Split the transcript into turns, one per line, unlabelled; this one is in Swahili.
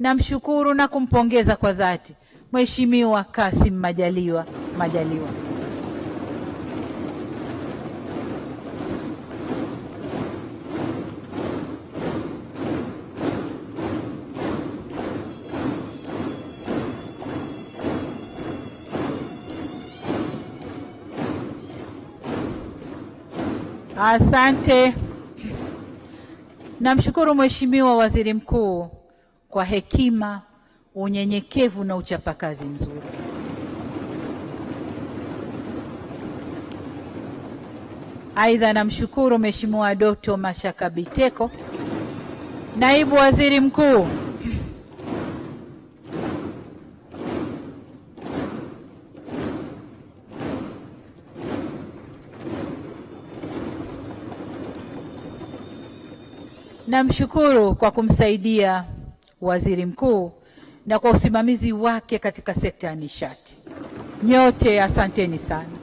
namshukuru na kumpongeza kwa dhati Mheshimiwa Kassim Majaliwa Majaliwa. Asante. Namshukuru Mheshimiwa Waziri Mkuu kwa hekima, unyenyekevu na uchapakazi mzuri. Aidha, namshukuru Mheshimiwa Doto Mashaka Biteko, Naibu Waziri Mkuu namshukuru kwa kumsaidia waziri mkuu na kwa usimamizi wake katika sekta ya nishati. Nyote asanteni sana.